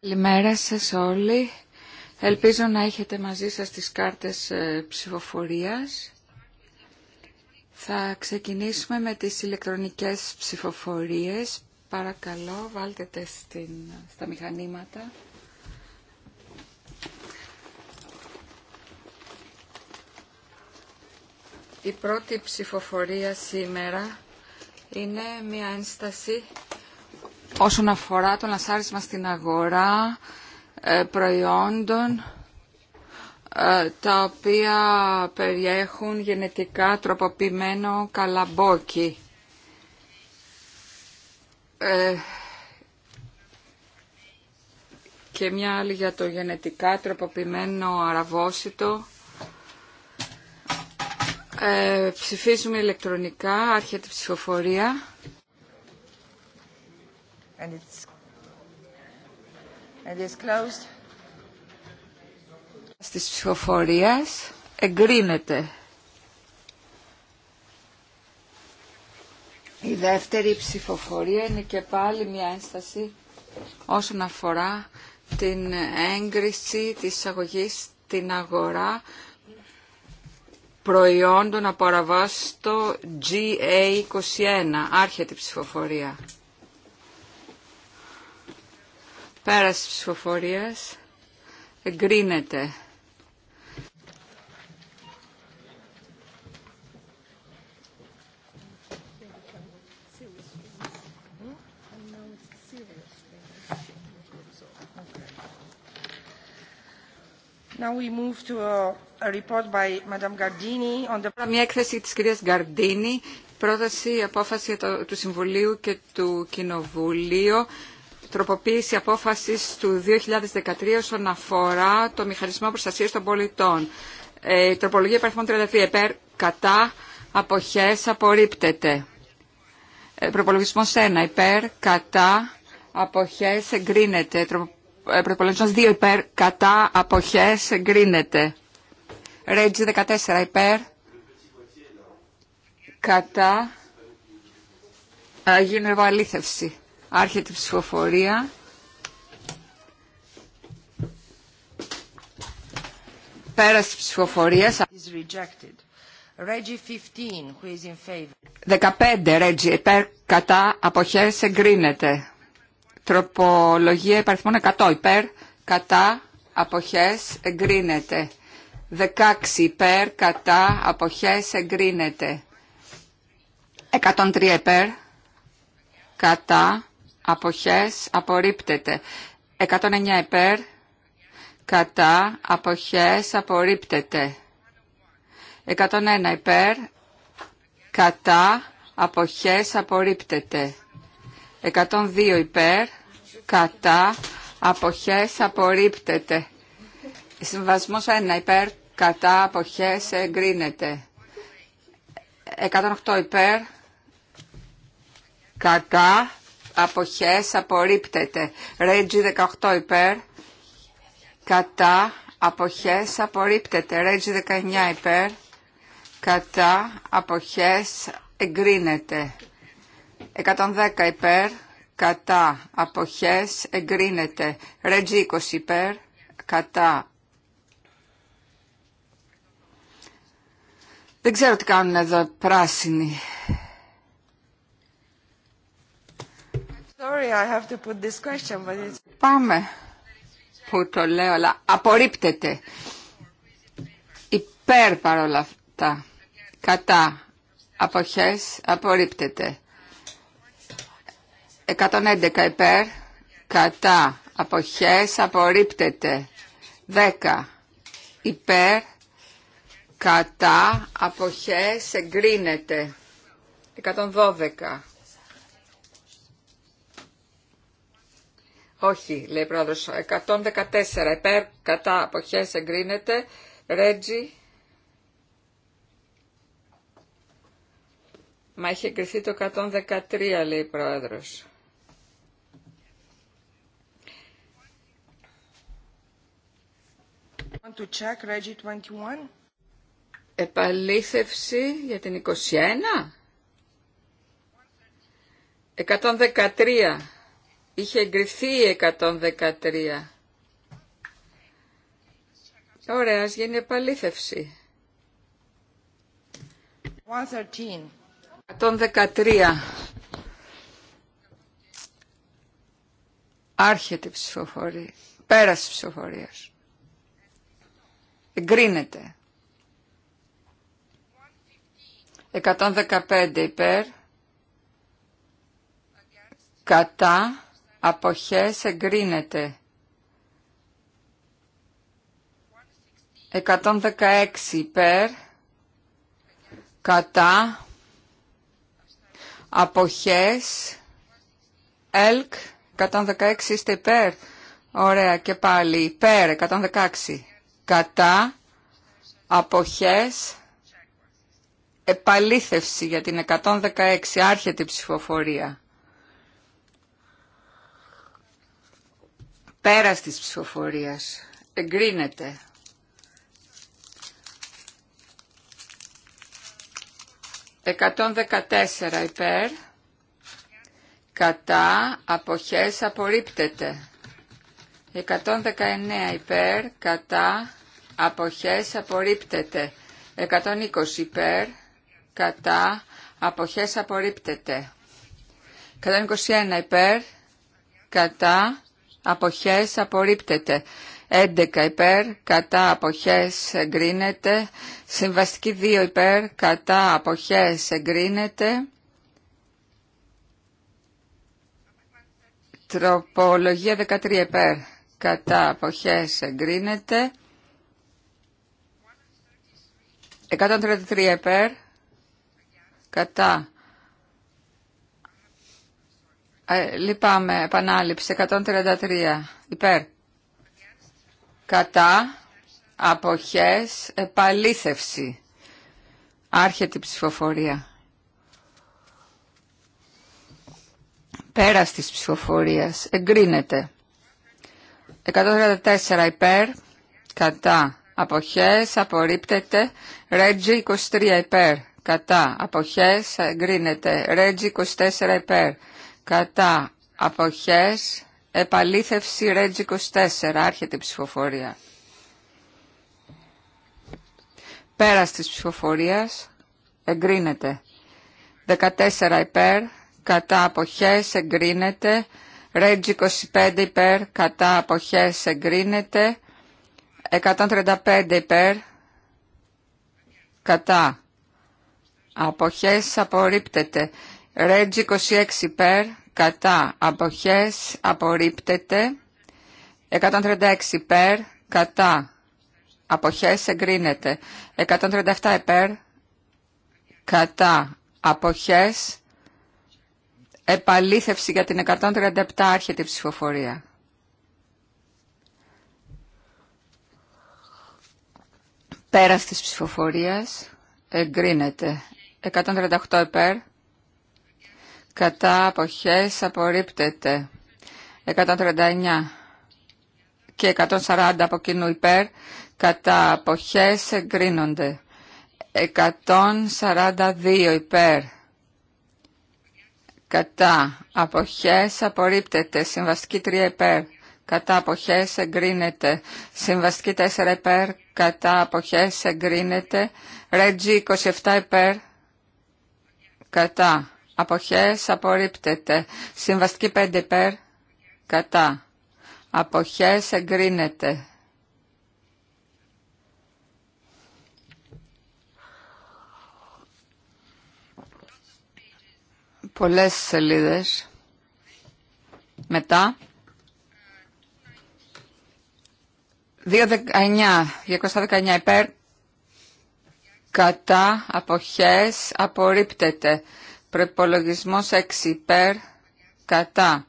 Καλημέρα σας όλοι. Ελπίζω να έχετε μαζί σας τις κάρτες ε, ψηφοφορίας. Θα ξεκινήσουμε με τις ηλεκτρονικές ψηφοφορίες. Παρακαλώ, βάλτε στα μηχανήματα. Η πρώτη ψηφοφορία σήμερα είναι μια ένσταση όσον αφορά το λασάρισμα στην αγορά ε, προϊόντων ε, τα οποία περιέχουν γενετικά τροποποιημένο καλαμπόκι. Ε, και μια άλλη για το γενετικά τροποποιημένο αραβόσιτο. ψηφίζουμε ηλεκτρονικά, άρχεται ψηφοφορία and it's closed. Στις ψηφοφορίες εγκρίνεται. Η δεύτερη ψηφοφορία είναι και πάλι μια ένσταση όσον αφορά την έγκριση της εισαγωγής στην αγορά προϊόντων από αραβάστο GA21. Άρχεται η ψηφοφορία. Πέρας της ψηφοφορίας εγκρίνεται. Now we move to a report by Madame Gardini on the... Μια έκθεση της κυρίας Γκαρντίνη, πρόταση, απόφαση του Συμβουλίου και του Κοινοβουλίου τροποποίηση απόφασης του 2013 όσον αφορά το μηχανισμό προστασίας των πολιτών. Ε, τροπολογία υπαριθμών 32 επέρ κατά αποχές απορρίπτεται. Ε, Προπολογισμό 1 υπέρ κατά αποχές εγκρίνεται. Ε, Προπολογισμό 2 υπέρ κατά αποχές εγκρίνεται. Ρέτζι 14 υπέρ κατά γίνει ευαλήθευση. Άρχεται η ψηφοφορία. Πέραση ψηφοφορία. 15, Ρέτζι, υπέρ, κατά, αποχές, εγκρίνεται. Τροπολογία υπαριθμών 100, υπέρ, κατά, αποχές, εγκρίνεται. 16, υπέρ, κατά, αποχές, εγκρίνεται. 103 υπέρ, κατά, αποχές απορρίπτεται. 109 υπέρ, κατά, αποχές απορρίπτεται. 101 υπέρ, κατά, αποχές απορρίπτεται. 102 υπέρ, κατά, αποχές απορρίπτεται. Συμβασμός 1 υπέρ, κατά, αποχές εγκρίνεται. 108 υπέρ, κατά, αποχές απορρίπτεται. Ρέτζι 18 υπέρ, κατά, αποχές απορρίπτεται. Ρέτζι 19 υπέρ, κατά, αποχές εγκρίνεται. 110 υπέρ, κατά, αποχές εγκρίνεται. Ρέτζι 20 υπέρ, κατά, δεν ξέρω τι κάνουν εδώ πράσινοι. Πάμε που το λέω, αλλά απορρίπτεται. Υπέρ παρόλα αυτά. Κατά. Κατά απορρίπτεται. 111 υπέρ. Κατά. Αποχές απορρίπτεται. 10 υπέρ. Κατά. Αποχές εγκρίνεται. 112 Όχι, λέει πρόεδρος, 114 υπέρ, κατά αποχέ εγκρίνεται, Ρέτζι. Μα έχει εγκριθεί το 113, λέει πρόεδρος. Want Επαλήθευση για την 21. 113. Είχε εγκριθεί 113. Ωραία, ας γίνει επαλήθευση. 113. 113. Άρχεται η ψηφοφορία. Πέραση ψηφοφορία. Εγκρίνεται. 115 υπέρ. Κατά αποχές εγκρίνεται. 116 υπέρ, κατά, αποχές, ελκ, 116 είστε υπέρ, ωραία και πάλι υπέρ, 116, κατά, αποχές, επαλήθευση για την 116, άρχεται η ψηφοφορία. Πέρα της ψηφοφορίας. Εγκρίνεται. 114 υπέρ. Κατά αποχές απορρίπτεται. 119 υπέρ, κατά, αποχές απορρίπτεται. 120 υπέρ, κατά, αποχές απορρίπτεται. 121 υπέρ, κατά, αποχές απορρίπτεται. 11 υπέρ, κατά αποχές εγκρίνεται. Συμβαστική 2 υπέρ, κατά αποχές εγκρίνεται. Τροπολογία 13 υπέρ, κατά αποχές εγκρίνεται. 133 υπέρ, κατά ε, λυπάμαι, επανάληψη, 133, υπέρ. Κατά, αποχές, επαλήθευση. Άρχεται η ψηφοφορία. Πέρας της ψηφοφορίας, εγκρίνεται. 134 υπέρ, κατά, αποχές, απορρίπτεται. Ρέτζι 23 υπέρ, κατά, αποχές, εγκρίνεται. Ρέτζι 24 υπέρ, κατά αποχές επαλήθευση Ρέτζ 24 άρχεται η ψηφοφορία πέρας της ψηφοφορίας εγκρίνεται 14 υπέρ κατά αποχές εγκρίνεται Ρέτζ 25 υπέρ κατά αποχές εγκρίνεται 135 υπέρ κατά αποχές απορρίπτεται Ρέτζ 26 υπέρ κατά αποχές απορρίπτεται 136 υπέρ κατά αποχές εγκρίνεται 137 υπέρ κατά αποχές επαλήθευση για την 137 άρχεται η ψηφοφορία πέρας της ψηφοφορίας εγκρίνεται 138 υπέρ κατά αποχές απορρίπτεται 139 και 140 από κοινού υπέρ κατά αποχές εγκρίνονται 142 υπέρ κατά αποχές απορρίπτεται συμβαστική 3 υπέρ κατά αποχές εγκρίνεται συμβαστική 4 υπέρ κατά αποχές εγκρίνεται ρέτζι 27 υπέρ κατά Αποχές απορρίπτεται. Συμβαστική 5 υπέρ. Κατά. Αποχές εγκρίνεται. Πολλές σελίδες. Μετά. 219, 219 υπέρ. Κατά. Αποχές απορρίπτεται. Προπολογισμό 6 υπέρ κατά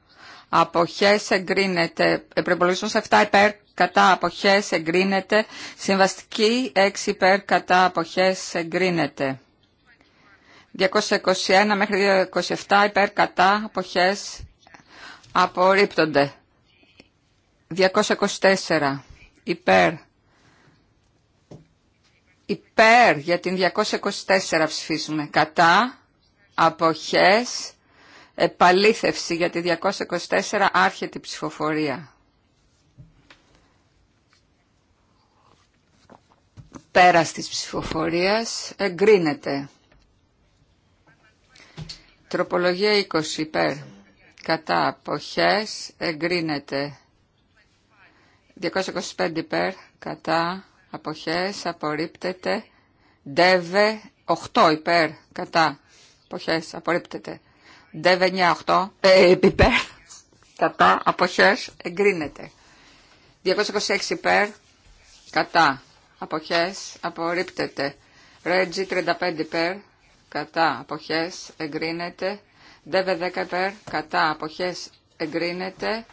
αποχές εγκρίνεται. Ε, Προπολογισμό 7 υπέρ κατά αποχές εγκρίνεται. Συμβαστική 6 υπέρ κατά αποχές εγκρίνεται. 221 μέχρι 227 υπέρ κατά αποχές απορρίπτονται. 224 υπέρ υπέρ για την 224 ψηφίζουμε κατά αποχές, επαλήθευση για τη 224 άρχεται η ψηφοφορία. Πέρας της ψηφοφορίας εγκρίνεται. Τροπολογία 20 υπέρ. Κατά αποχές εγκρίνεται. 225 υπέρ. Κατά αποχές απορρίπτεται. Δεύε 8 υπέρ. Κατά αποχές απορρίπτεται. 98 ε, υπέρ κατά αποχές εγκρίνεται. 226 υπέρ κατά αποχές απορρίπτεται. Ρέτζι 35 υπέρ κατά αποχές εγκρίνεται. Ντεβε 10 υπέρ κατά αποχές εγκρίνεται.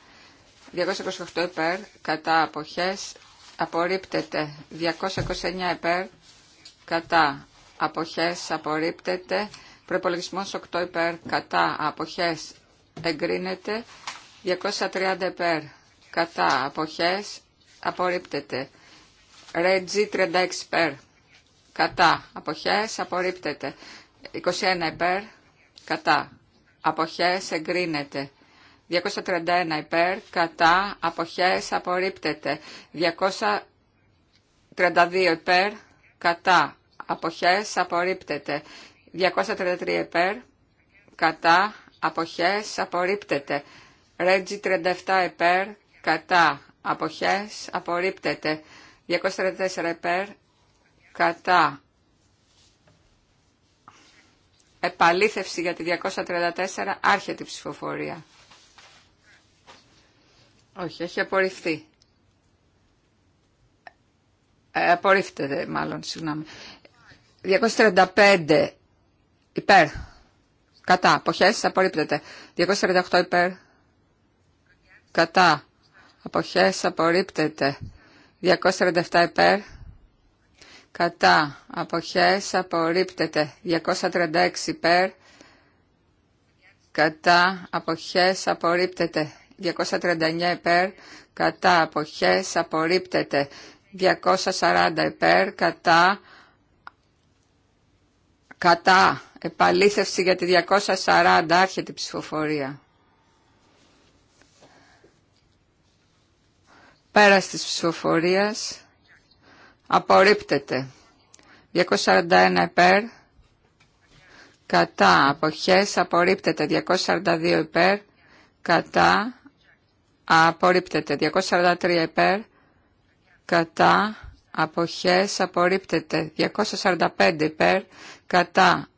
228 υπέρ κατά αποχές απορρίπτεται. 229 υπέρ κατά αποχές απορρίπτεται. Προπολογισμό 8 υπέρ κατά αποχές εγκρίνεται. 230 υπέρ κατά αποχές απορρίπτεται. Ρέτζι 36 υπέρ κατά αποχές απορρίπτεται. 21 υπέρ κατά αποχές εγκρίνεται. 231 υπέρ κατά αποχές απορρίπτεται. 232 υπέρ κατά αποχές απορρίπτεται. 233 υπέρ, κατά, αποχές, απορρίπτεται. Ρέτζι 37 υπέρ, κατά, αποχές, απορρίπτεται. 234 ΕΠΕΡ κατά. Επαλήθευση για τη 234, άρχεται η ψηφοφορία. Όχι, έχει απορριφθεί. Ε, απορρίφτεται μάλλον, συγγνώμη. 235 υπέρ, κατά, αποχές, απορρίπτεται. 248 υπέρ, κατά, αποχές, απορρίπτεται. 247 υπέρ, κατά, αποχές, απορρίπτεται. 236 υπέρ, κατά, αποχές, απορρίπτεται. 239 υπέρ, κατά, αποχές, απορρίπτεται. 240 υπέρ, κατά, Κατά. Επαλήθευση για τη 240. Άρχεται η ψηφοφορία. Πέρας της ψηφοφορίας. Απορρίπτεται. 241 υπέρ. Κατά. Αποχές. Απορρίπτεται. 242 υπέρ. Κατά. Απορρίπτεται. 243 υπέρ. Κατά. Αποχές απορρίπτεται. 245 υπέρ κατά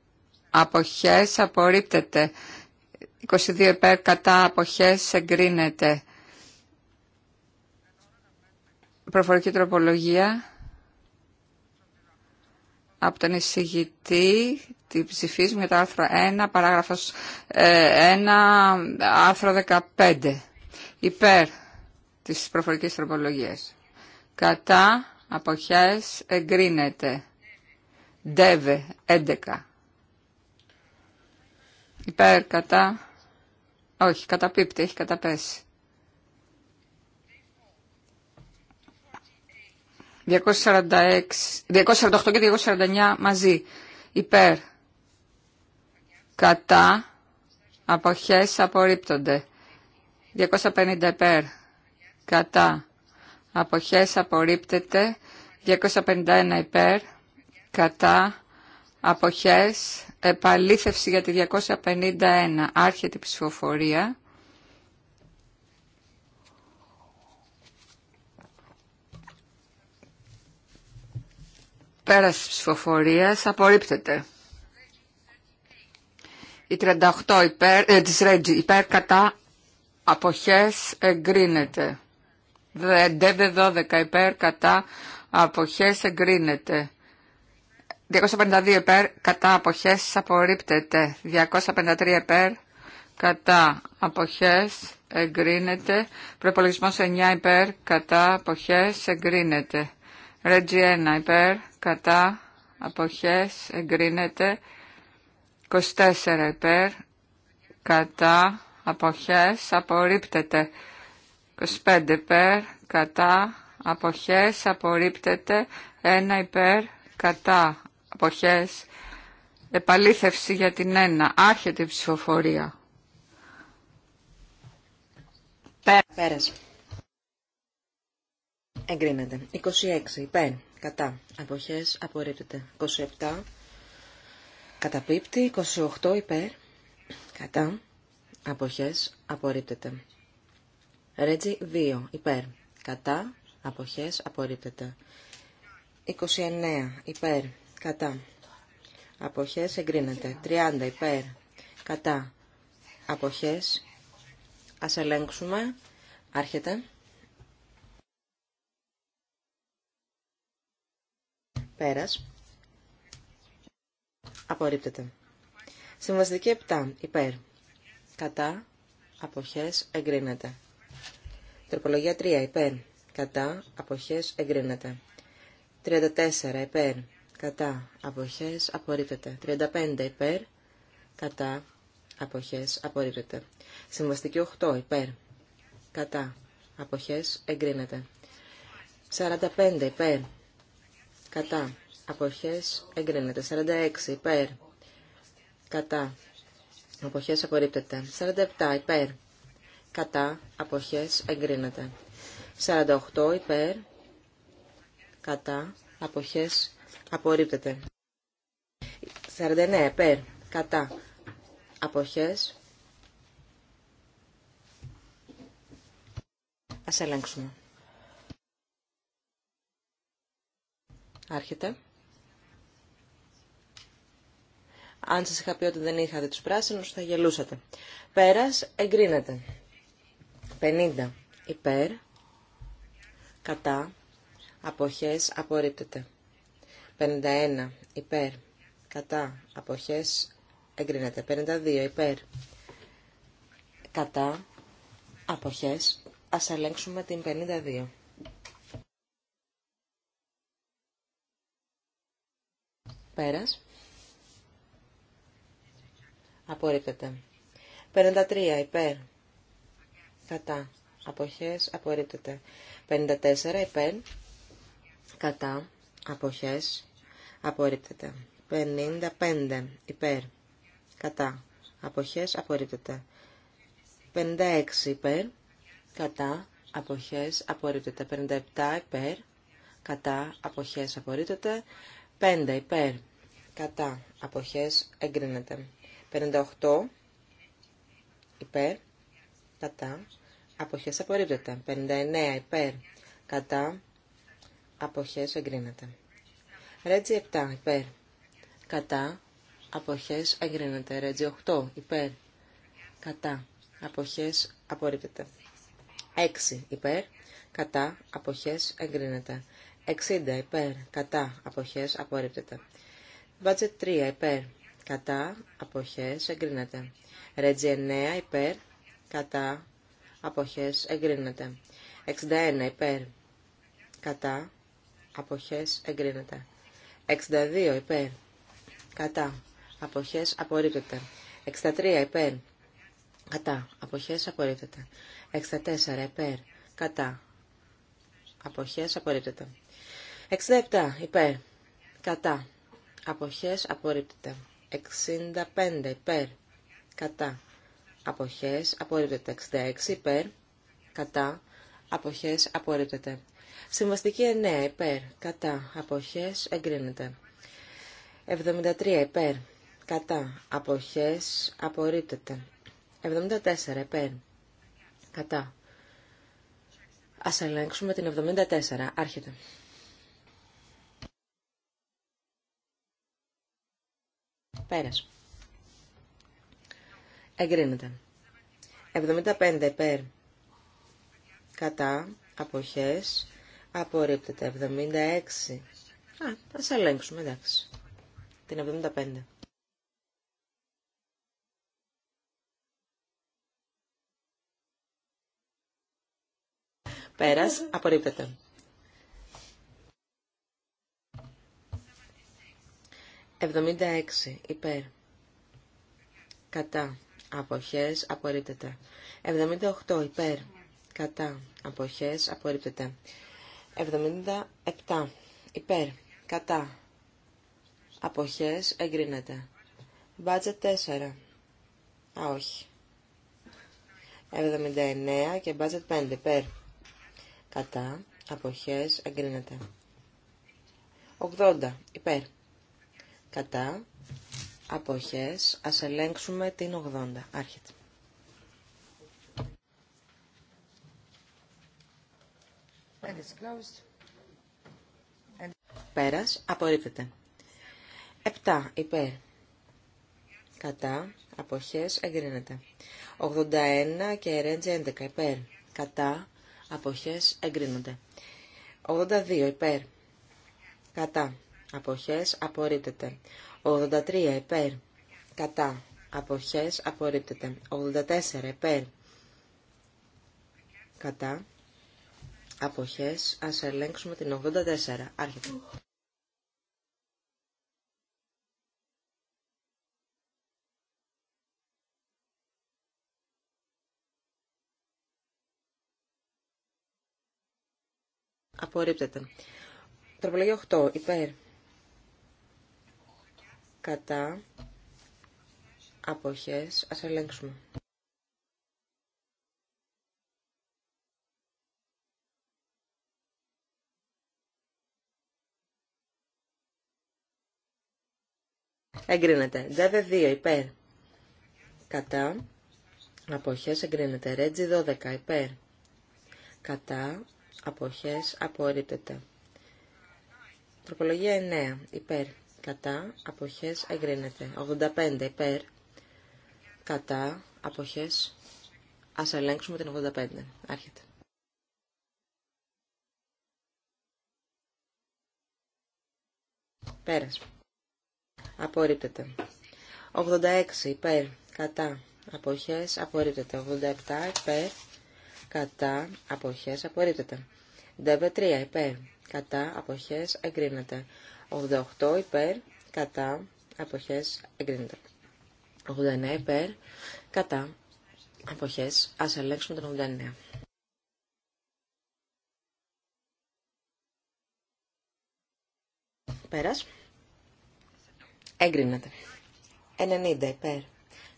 αποχές απορρίπτεται. 22 υπέρ κατά αποχές εγκρίνεται. Προφορική τροπολογία από τον εισηγητή τη μου για το άρθρο 1, παράγραφος 1, ε, άρθρο 15. Υπέρ της προφορικής τροπολογίας. Κατά αποχές εγκρίνεται. ΔΕΒΕ 11. Υπέρ κατά. Όχι, καταπίπτει, έχει καταπέσει. 248 και 249 μαζί. Υπέρ. Κατά. Αποχές απορρίπτονται. 250 υπέρ. Κατά. Αποχές απορρίπτεται. 251 υπέρ κατά αποχές επαλήθευση για τη 251 άρχεται η ψηφοφορία Πέραση της ψηφοφορίας απορρίπτεται η 38 υπέρ, ε, της Ρέτζη υπέρ κατά αποχές εγκρίνεται. 12 υπέρ κατά αποχές εγκρίνεται. 252 επερ κατά αποχές απορρίπτεται. 253 επερ κατά αποχές εγκρίνεται. Προπολογισμός 9 υπέρ κατά αποχές εγκρίνεται. Ρέτζι 1 υπέρ κατά αποχές εγκρίνεται. 24 υπέρ κατά αποχές απορρίπτεται. 25 υπέρ κατά αποχές απορρίπτεται. 1 υπέρ κατά αποχές, επαλήθευση για την 1, άρχεται η ψηφοφορία. Πέρασε. Εγκρίνεται. 26. Υπέρ. Κατά. Αποχές. Απορρίπτεται. 27. Καταπίπτει. 28. Υπέρ. Κατά. Αποχές. Απορρίπτεται. Ρέτζι 2. Υπέρ. Κατά. Αποχές. Απορρίπτεται. 29. Υπέρ κατά. Αποχές εγκρίνεται. 30 υπέρ, κατά. Αποχές. Ας ελέγξουμε. Άρχεται. Πέρας. Απορρίπτεται. Συμβαστική 7 υπέρ, κατά. Αποχές εγκρίνεται. Τροπολογία 3 υπέρ, κατά. Αποχές εγκρίνεται. 34 υπέρ, κατά αποχές απορρίπτεται. 35 υπέρ κατά αποχές απορρίπτεται. Συμβαστική 8 υπέρ κατά αποχές εγκρίνεται. 45 υπέρ κατά αποχές εγκρίνεται. 46 υπέρ κατά αποχές απορρίπτεται. 47 υπέρ κατά αποχές εγκρίνεται. 48 υπέρ κατά αποχές Απορρίπτεται. 49 υπέρ. Κατά. Αποχές. Ας ελέγξουμε. Άρχεται. Αν σας είχα πει ότι δεν είχατε τους πράσινους, θα γελούσατε. Πέρας, εγκρίνεται. 50. Υπέρ. Κατά. Αποχές. Απορρίπτεται. 51 υπέρ κατά αποχές εγκρίνεται. 52 υπέρ κατά αποχές. Ας ελέγξουμε την 52. Πέρας. Απορρίπτεται. 53 υπέρ κατά αποχές. Απορρίπτεται. 54 υπέρ κατά αποχές απορρίπτεται. 55 υπέρ κατά αποχές απορρίπτεται. 56 υπέρ κατά αποχές απορρίπτεται. 57 υπέρ κατά αποχές απορρίπτεται. 5 υπέρ κατά αποχές εγκρίνεται. 58 υπέρ κατά αποχές απορρίπτεται. 59 υπέρ κατά αποχές εγκρίνεται. Ρέτζι 7 υπέρ. Κατά. Αποχές εγκρίνεται. Ρέτζι 8 υπέρ. Κατά. Αποχές απορρίπτεται. 6 υπέρ. Κατά. Αποχές εγκρίνεται. 60 υπέρ. Κατά. Αποχές απορρίπτεται. Budget 3 υπέρ. Κατά. Αποχές εγκρίνεται. Ρέτζι 9 υπέρ. Κατά. Αποχές εγκρίνεται. 61 υπέρ. Κατά. Αποχές εγκρίνεται. 62 υπέρ. Κατά. Αποχέ απορρίπτεται. 63 υπέρ. Κατά. απόχέ απορρίπτεται. 64 υπέρ. Κατά. απόχέ απορρίπτεται. 67 υπέρ. Κατά. Αποχέ απορρίπτεται. 65 υπέρ. Κατά. Αποχέ απορρίπτεται. 66 υπέρ. Κατά. Αποχέ απορρίπτεται. Συμβαστική 9 υπέρ. Κατά. Αποχές εγκρίνεται. 73 υπέρ. Κατά. Αποχές απορρίπτεται. 74 υπέρ. Κατά. Ας ελέγξουμε την 74. Άρχεται. Πέρας. Εγκρίνεται. 75 υπέρ. Κατά. Αποχές Απορρίπτεται. 76. Α, θα σε ελέγξουμε, εντάξει. Την 75. Πέρας, απορρίπτεται. 76. Υπέρ. Κατά. Αποχές. Απορρίπτεται. 78. Υπέρ. Κατά. Αποχές. Απορρίπτεται. 77 υπέρ κατά αποχές εγκρίνεται. Μπάτζετ 4. Α, όχι. 79 και μπάτζετ 5 υπέρ κατά αποχές εγκρίνεται. 80 υπέρ κατά αποχές ας ελέγξουμε την 80. Άρχεται. And Πέρας, απορρίπτεται. 7. Υπέρ. Κατά. Αποχές. Εγκρίνεται. 81 και ρέντζε 11. Υπέρ. Κατά. Αποχές. Εγκρίνονται. 82. Υπέρ. Κατά. Αποχές. Απορρίπτεται. 83. Υπέρ. Κατά. Αποχές. Απορρίπτεται. 84. Υπέρ. Κατά αποχές, ας ελέγξουμε την 84. Άρχεται. Απορρίπτεται. Τροπολογία 8. Υπέρ. Κατά. Αποχές. Ας ελέγξουμε. Εγκρίνεται. Δεύε 2 υπέρ. Κατά. Αποχές εγκρίνεται. Ρέτζι 12 υπέρ. Κατά. Αποχές απορρίπτεται. Τροπολογία 9 υπέρ. Κατά. Αποχές εγκρίνεται. 85 υπέρ. Κατά. Αποχές. Ας ελέγξουμε την 85. Άρχεται. Πέρας απορρίπτεται. 86 υπέρ κατά αποχές απορρίπτεται. 87 υπέρ κατά αποχές απορρίπτεται. 93 υπέρ κατά αποχές εγκρίνεται. 88 υπέρ κατά αποχές εγκρίνεται. 89 υπέρ κατά αποχές. Ας ελέγξουμε τον 89. Πέρας. Εγκρίνεται. 90 υπέρ.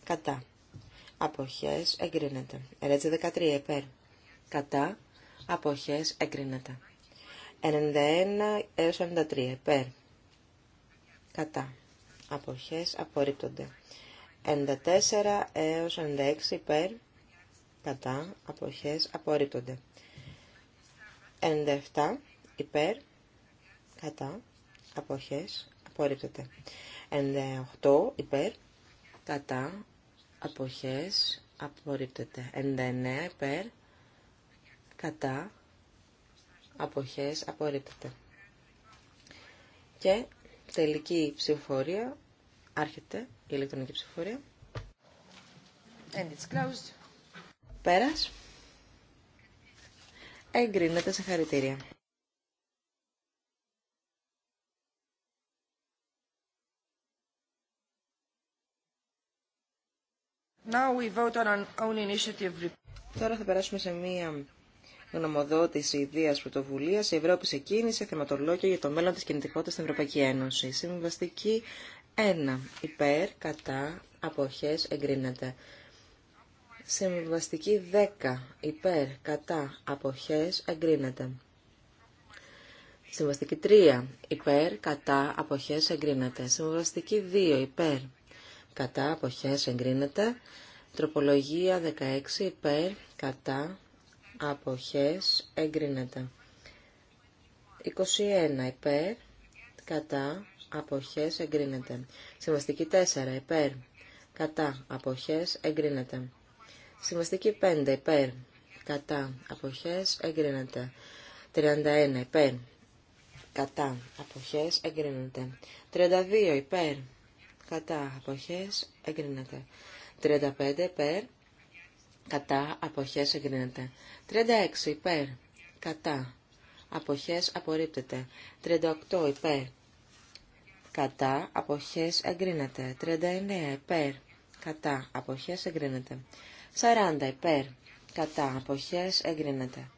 Κατά. Αποχές εγκρίνεται. 13 υπέρ. Κατά. Αποχές εγκρίνεται. 91 έως 93 υπέρ. Κατά. Αποχές απορρίπτονται. 94 έως 96 υπέρ. Κατά. Αποχές απορρίπτονται. 97 υπέρ. Κατά. Αποχές Απορρίπτεται. 98 υπέρ. Κατά. Αποχές. Απορρίπτεται. 99 υπέρ. Κατά. Αποχές. Απορρίπτεται. Και τελική ψηφοφορία. Άρχεται η ηλεκτρονική ψηφοφορία. And it's closed. Πέρας. Εγκρίνεται σε χαρητήρια. Τώρα θα περάσουμε σε μία γνωμοδότηση ιδία πρωτοβουλία η Ευρώπη σε κίνηση, θεματολόγια για το μέλλον της κινητικότητας στην Ευρωπαϊκή Ένωση. Συμβαστική 1. Υπέρ, κατά, αποχές, εγκρίνεται. Συμβαστική 10. Υπέρ, κατά, αποχές, εγκρίνεται. Συμβαστική 3. Υπέρ, κατά, αποχές, εγκρίνεται. Συμβαστική 2. Υπέρ, κατά αποχές εγκρίνεται. Τροπολογία 16 υπέρ κατά αποχές εγκρίνεται. 21 υπέρ κατά αποχές εγκρίνεται. Συμβαστική 4 υπέρ κατά αποχές εγκρίνεται. Συμβαστική 5 υπέρ κατά αποχές εγκρίνεται. 31 υπέρ κατά αποχές εγκρίνεται. 32 υπέρ κατά αποχές εγκρίνεται. 35 περ κατά αποχές εγκρίνεται. 36 υπέρ κατά αποχές απορρίπτεται. 38 υπέρ κατά αποχές εγκρίνεται. 39 υπέρ κατά αποχές εγκρίνεται. 40 υπέρ κατά αποχές εγκρίνεται.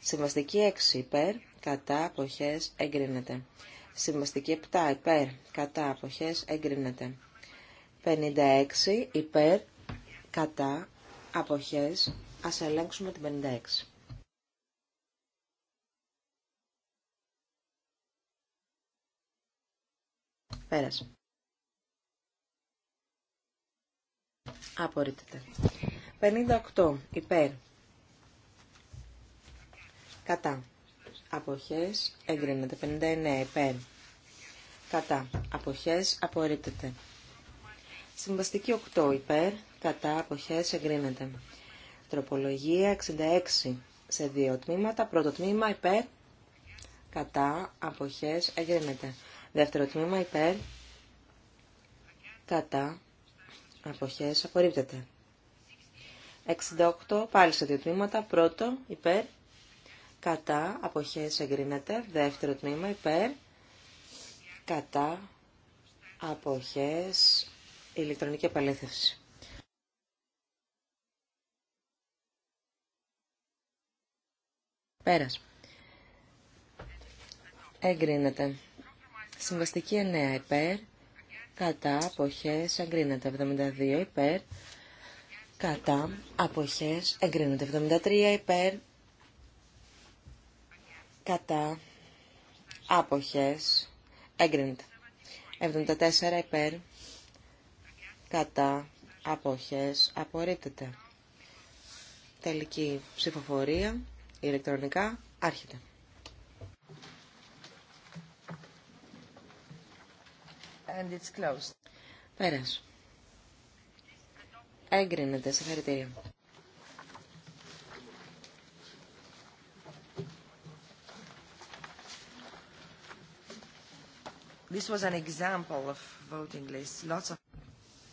Συμβαστική 6 υπέρ κατά αποχές εγκρίνεται. Συμβαστική 7 υπέρ κατά αποχές εγκρίνεται. 56 υπέρ κατά αποχές. Ας ελέγξουμε την 56. Πέρασε. Απορρίπτεται. 58 υπέρ. Κατά αποχές εγκρίνεται. 59 υπέρ. Κατά αποχές απορρίπτεται. Συμβαστική 8 υπέρ. Κατά αποχές εγκρίνεται. Τροπολογία 66 σε δύο τμήματα. Πρώτο τμήμα υπέρ. Κατά αποχές εγκρίνεται. Δεύτερο τμήμα υπέρ. Κατά αποχές απορρίπτεται. 68 πάλι σε δύο τμήματα. Πρώτο υπέρ κατά, αποχές εγκρίνεται. Δεύτερο τμήμα υπέρ, κατά, αποχές, ηλεκτρονική επαλήθευση. Πέρας. Εγκρίνεται. Συμβαστική 9 υπέρ, κατά, αποχές, εγκρίνεται. 72 υπέρ, κατά, αποχές, εγκρίνεται. 73 υπέρ, κατά άποχες έγκρινεται. 74 υπέρ κατά άποχες απορρίπτεται. Τελική ψηφοφορία ηλεκτρονικά άρχεται. And it's closed. Πέρας. Έγκρινεται. Συγχαρητήρια.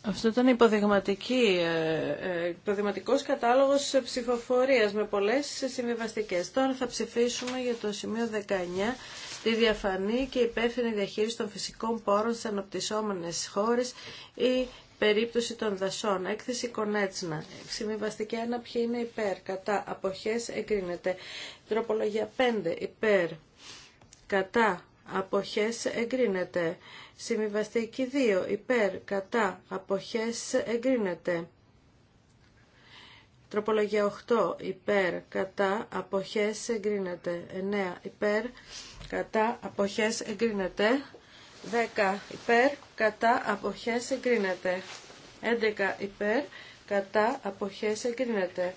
Αυτό ήταν υποδειγματική, ε, ε, υποδειγματικός κατάλογος ψηφοφορίας με πολλές συμβιβαστικές. Τώρα θα ψηφίσουμε για το σημείο 19 τη διαφανή και υπεύθυνη διαχείριση των φυσικών πόρων σε αναπτυσσόμενες χώρες ή περίπτωση των δασών. Έκθεση Κονέτσνα. Συμβιβαστική 1. Ποιοι είναι υπέρ. Κατά. Αποχές εγκρίνεται. Τροπολογία 5. Υπέρ. Κατά αποχές εγκρίνεται. Συμβιβαστική 2 υπέρ κατά αποχές εγκρίνεται. Τροπολογία 8 υπέρ κατά αποχές εγκρίνεται. 9 υπέρ κατά αποχές εγκρίνεται. 10 υπέρ κατά αποχές εγκρίνεται. 11 υπέρ κατά αποχές εγκρίνεται.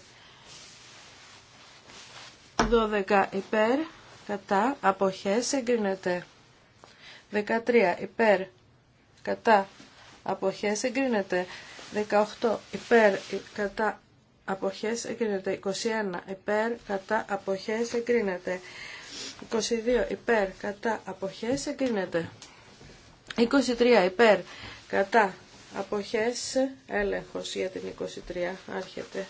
12 υπέρ κατά αποχές εγκρίνεται. 13 υπέρ κατά αποχές εγκρίνεται. 18 υπέρ κατά αποχές εγκρίνεται. 21 υπέρ κατά αποχές εγκρίνεται. 22 υπέρ κατά αποχές εγκρίνεται. 23 υπέρ κατά αποχές έλεγχος για την 23 άρχεται.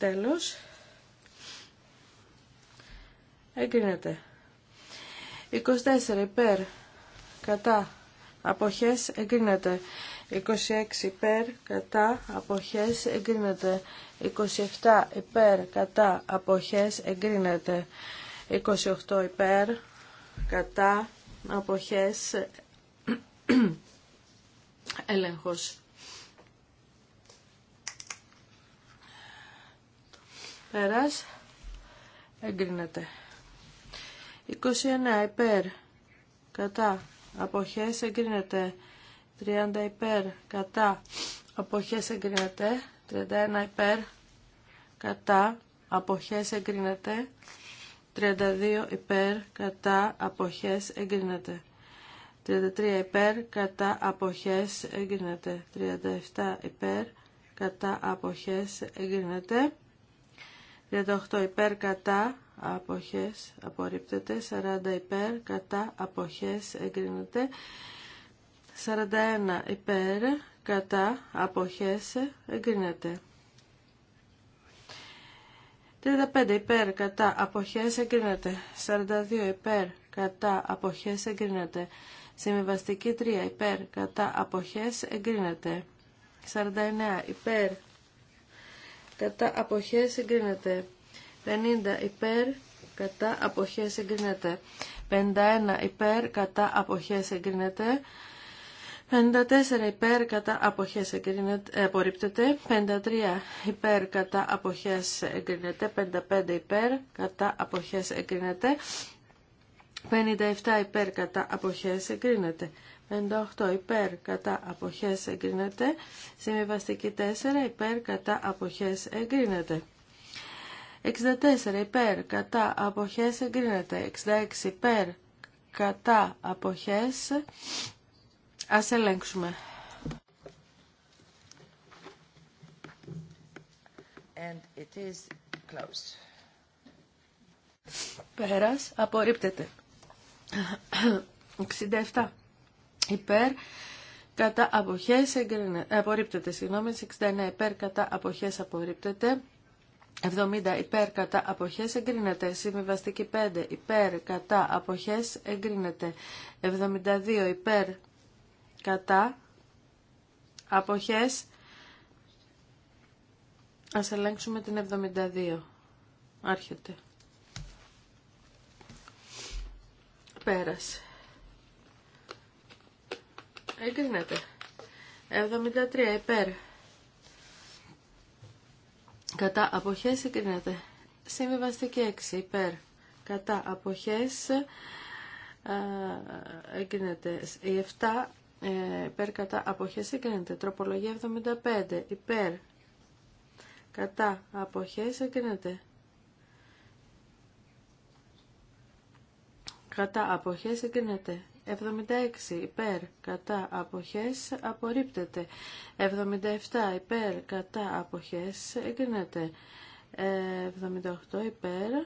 Τέλος. Εγκρίνεται. 24 υπέρ. Κατά. Αποχές εγκρίνεται. 26 υπέρ. Κατά. Αποχές εγκρίνεται. 27 υπέρ. Κατά. Αποχές εγκρίνεται. 28 υπέρ. Κατά. Αποχές έλεγχος Πέρας. Εγκρίνεται. 29 υπέρ. Κατά. Αποχές εγκρίνεται. 30 υπέρ. Κατά. Αποχές εγκρίνεται. 31 υπέρ. Κατά. Αποχές εγκρίνεται. 32 υπέρ. Κατά. Αποχές εγκρίνεται. 33 υπέρ. Κατά. Αποχές εγκρίνεται. 37 υπέρ. Κατά. Αποχές εγκρίνεται. 38 υπέρ κατά αποχές απορρίπτεται, 40 υπέρ κατά αποχές εγκρίνεται, 41 υπέρ κατά αποχές εγκρίνεται. 35 υπέρ κατά αποχές εγκρίνεται, 42 υπέρ κατά αποχές εγκρίνεται, συμβιβαστική 3 υπέρ κατά αποχές εγκρίνεται, 49 υπέρ κατά απόχέ εγκρίνεται. 50 υπέρ κατά αποχές εγκρίνεται. 51 υπέρ κατά αποχές εγκρίνεται. 54 υπέρ κατά αποχές εγκρίνεται, 53 ε, υπέρ κατά αποχές εγκρίνεται, 55 υπέρ κατά αποχές εγκρίνεται, 57 υπέρ κατά αποχές εγκρίνεται, 98 υπέρ κατά αποχές εγκρίνεται. Συμβιβαστική 4 υπέρ κατά αποχές εγκρίνεται. 64 υπέρ κατά αποχές εγκρίνεται. 66 υπέρ κατά αποχές. Ας ελέγξουμε. And it is Πέρας απορρίπτεται. 67 υπέρ κατά αποχές απορρίπτεται, συγγνώμη, 69 υπέρ κατά αποχές απορρίπτεται, 70 υπέρ κατά αποχές εγκρίνεται, συμβιβαστική 5 υπέρ κατά αποχές εγκρίνεται, 72 υπέρ κατά αποχές Ας ελέγξουμε την 72. Άρχεται. Πέρασε. Εγκρίνεται. 73 υπέρ. Κατά αποχές εγκρίνεται. Συμβιβαστική 6 υπέρ. Κατά αποχές εγκρίνεται. Η 7 ε, υπέρ κατά αποχές εγκρίνεται. Τροπολογία 75 υπέρ. Κατά αποχές εγκρίνεται. Κατά αποχές εγκρίνεται. 76 υπέρ κατά αποχές απορρίπτεται. 77 υπέρ κατά αποχές εγκρίνεται. 78 υπέρ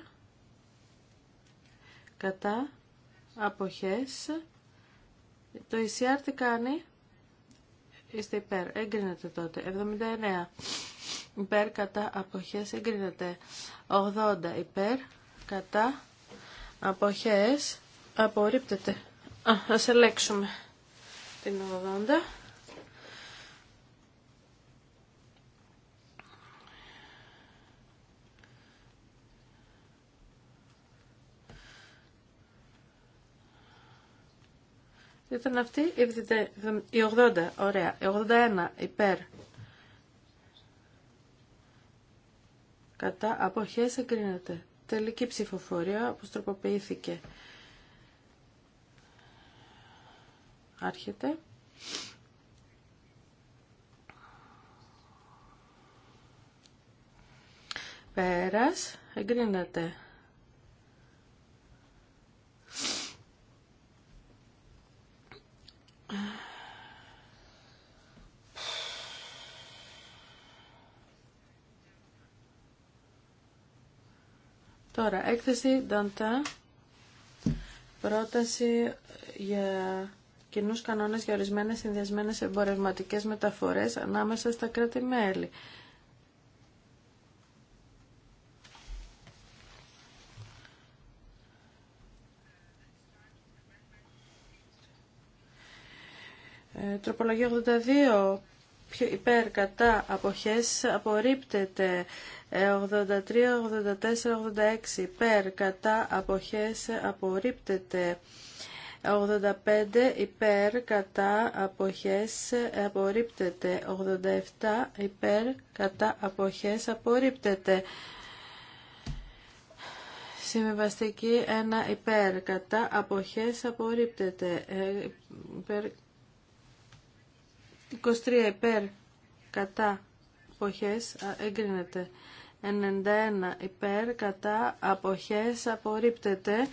κατά αποχές. Το ECR τι κάνει. Είστε υπέρ. Εγκρίνεται τότε. 79 υπέρ κατά αποχές εγκρίνεται. 80 υπέρ κατά αποχές απορρίπτεται. Α, ας ελέξουμε την 80. Ήταν αυτή η 80, ωραία, η 81 υπέρ. Κατά αποχές εγκρίνεται. Τελική ψηφοφορία όπως τροποποιήθηκε. Άρχεται. Πέρας. Εγκρίνεται. Τώρα, έκθεση Δαντά, πρόταση για κοινού κανόνε για ορισμένε συνδυασμένε εμπορευματικέ μεταφορέ ανάμεσα στα κράτη-μέλη. Ε, τροπολογία 82 υπέρ κατά αποχές απορρίπτεται 83, 84, 86 υπέρ κατά αποχές απορρίπτεται 85 υπέρ κατά αποχές απορρίπτεται. 87 υπέρ κατά αποχές απορρίπτεται. Συμβιβαστική 1 υπέρ κατά αποχές απορρίπτεται. Ε, υπέρ, 23 υπέρ κατά αποχές εγκρίνεται. 91 υπέρ κατά αποχές απορρίπτεται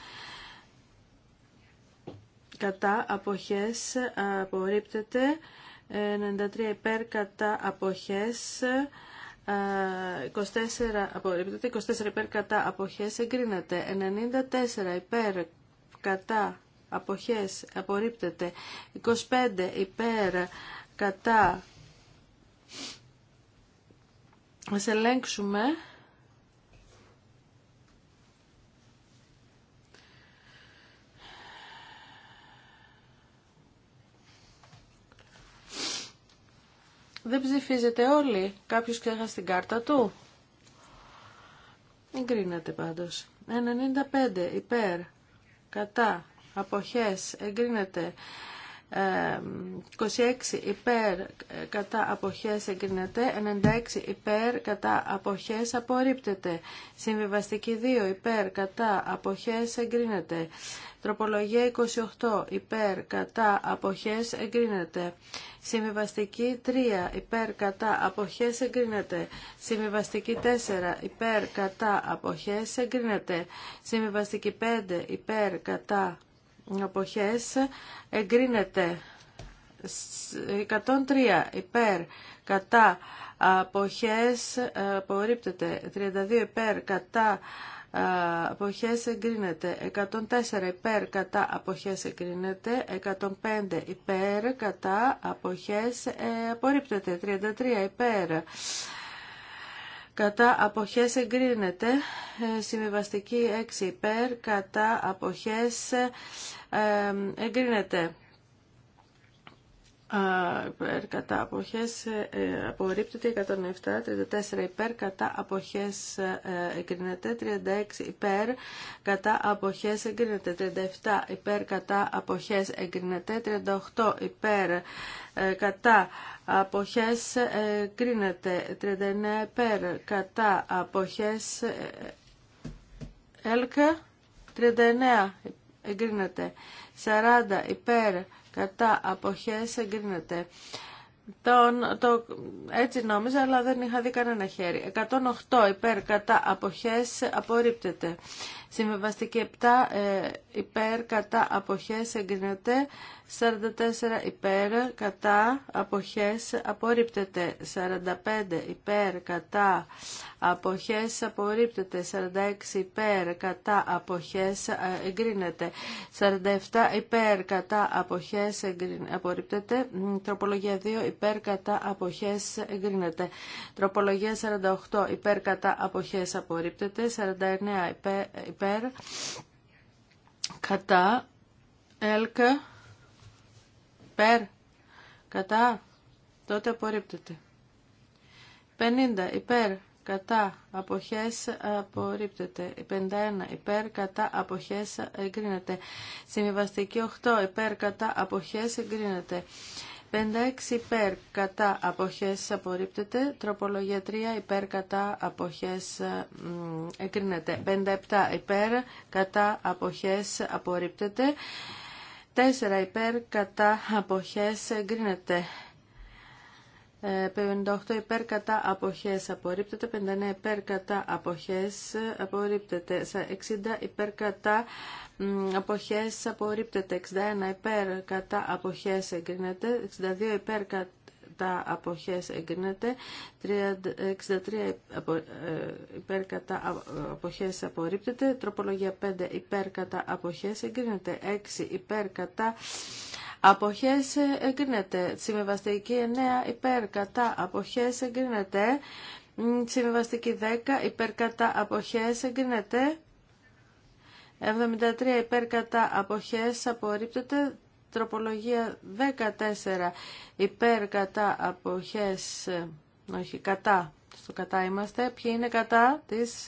κατά αποχές απορρίπτεται 93 ε, υπέρ κατά αποχές 24 ε, απορρίπτεται 24 υπέρ κατά αποχές εγκρίνεται 94 υπέρ κατά αποχές απορρίπτεται 25 υπέρ κατά ας ελέγξουμε Δεν ψηφίζετε όλοι. Κάποιος ξέχασε την κάρτα του. Εγκρίνεται πάντως. 95 υπέρ. Κατά. Αποχές. Εγκρίνεται. 26 υπέρ κατά αποχές εγκρίνεται, 96 υπέρ κατά αποχές απορρίπτεται, συμβιβαστική 2 υπέρ κατά αποχές εγκρίνεται, τροπολογία 28 υπέρ κατά αποχές εγκρίνεται, συμβιβαστική 3 υπέρ κατά αποχές εγκρίνεται, συμβιβαστική 4 υπέρ κατά αποχές εγκρίνεται, συμβιβαστική 5 υπέρ κατά αποχές εγκρίνεται 103 υπέρ κατά αποχές απορρίπτεται 32 υπέρ κατά αποχές εγκρίνεται 104 υπέρ κατά αποχές εγκρίνεται 105 υπέρ κατά αποχές ε, απορρίπτεται 33 υπέρ κατά αποχές εγκρίνεται ε, συμβιβαστική 6 υπέρ κατά αποχές εγκρίνεται υπέρ κατά αποχές ε, ε, απορρίπτεται 107, 34 ε, υπέρ κατά αποχές εγκρίνεται, 36 υπέρ κατά αποχές εγκρίνεται, 37 υπέρ κατά αποχές εγκρίνεται, 38 υπέρ κατά αποχές εγκρίνεται, 39 υπέρ κατά αποχές έλκα, 39 υπέρ εγκρίνεται. 40 υπέρ κατά αποχές εγκρίνεται. Τον, το, έτσι νόμιζα, αλλά δεν είχα δει κανένα χέρι. 108 υπέρ κατά αποχές απορρίπτεται. Συμβιβαστική 7 ε, υπέρ κατά αποχές εγκρίνεται. 44 υπέρ κατά αποχές απορρίπτεται. 45 υπέρ κατά αποχές απορρίπτεται. 46 υπέρ κατά αποχές ε, εγκρίνεται. 47 υπέρ κατά αποχές απορρίπτεται. Τροπολογία 2 υπέρ κατά αποχές εγκρίνεται. Τροπολογία 48 υπέρ κατά αποχές απορρίπτεται. 49 υπέρ υπέρ κατά έλκα πέρ κατά τότε απορρίπτεται 50 υπέρ κατά αποχές απορρίπτεται 51 υπέρ κατά αποχές εγκρίνεται συμβιβαστική 8 υπέρ κατά αποχές εγκρίνεται 56 υπέρ κατά αποχές απορρίπτεται. Τροπολογία 3 υπέρ κατά αποχές εγκρίνεται. 57 υπέρ κατά αποχές απορρίπτεται. 4 υπέρ κατά αποχές εγκρίνεται. 58 υπέρ κατά αποχές απορρίπτεται, 59 υπέρ κατά αποχές απορρίπτεται, 60 υπέρ κατά αποχές απορρίπτεται, 61 υπέρ κατά αποχές εγκρίνεται, 62 υπέρ κατά αποχές εγκρίνεται, 63 ε, υπέρ κατά αποχές απορρίπτεται, τροπολογία 5 υπέρ κατά αποχές εγκρίνεται, 6 υπέρ κατά Αποχές εγκρίνεται. Συμβιβαστική 9 υπέρ κατά. Αποχές εγκρίνεται. Συμβιβαστική 10 υπέρ κατά. Αποχές εγκρίνεται. 73 υπέρ κατά. Αποχές απορρίπτεται. Τροπολογία 14 υπέρ κατά. Αποχές όχι κατά. Στο κατά είμαστε. Ποιοι είναι κατά της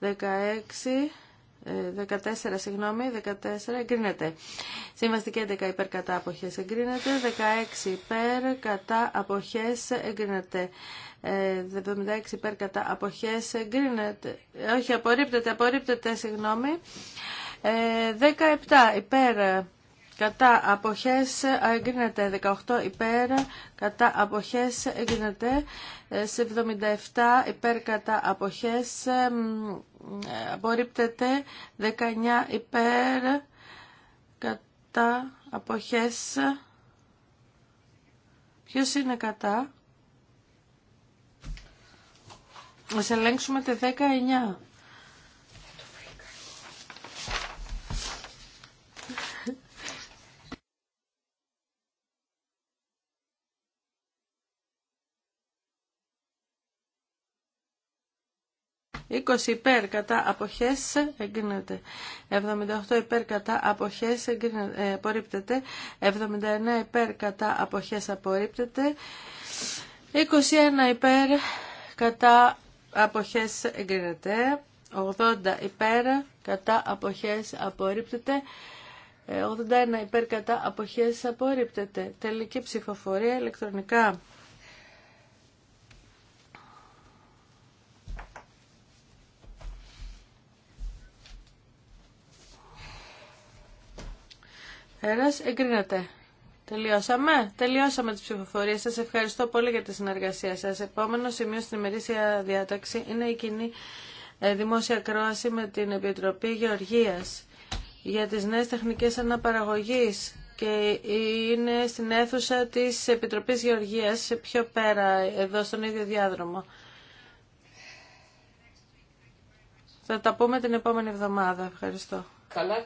16 ε, 14, συγγνώμη, 14 εγκρίνεται. Συμβαστική 11 υπέρ κατά αποχές εγκρίνεται. 16 υπέρ κατά αποχές εγκρίνεται. 76 ε, υπέρ κατά αποχές εγκρίνεται. Όχι, απορρίπτεται, απορρίπτεται, συγγνώμη. 17 ε, υπέρ κατά αποχές ε, εγκρίνεται 18 υπέρ κατά αποχές εγκρίνεται ε, σε 77 υπέρ κατά αποχές ε, απορρίπτεται 19 υπέρ κατά αποχές ποιος είναι κατά Ας ελέγξουμε τη 19. 20 υπέρ κατά αποχές εγκρίνεται. 78 ε, υπέρ κατά αποχές απορρίπτεται. 79 υπέρ κατά αποχές απορρίπτεται. 21 υπέρ κατά αποχές εγκρίνεται. 80 υπέρ κατά αποχές απορρίπτεται. 81 υπέρ κατά αποχές απορρίπτεται. Τελική ψηφοφορία ηλεκτρονικά. Εγκρίνατε. Τελειώσαμε. Τελειώσαμε τις ψηφοφορίες. Σας ευχαριστώ πολύ για τη συνεργασία σας. Επόμενο σημείο στην ημερήσια διάταξη είναι η κοινή ε, δημόσια κρόαση με την Επιτροπή Γεωργίας για τις νέες τεχνικές αναπαραγωγής και είναι στην αίθουσα της Επιτροπής Γεωργίας πιο πέρα, εδώ στον ίδιο διάδρομο. Θα τα πούμε την επόμενη εβδομάδα. Ευχαριστώ. Καλά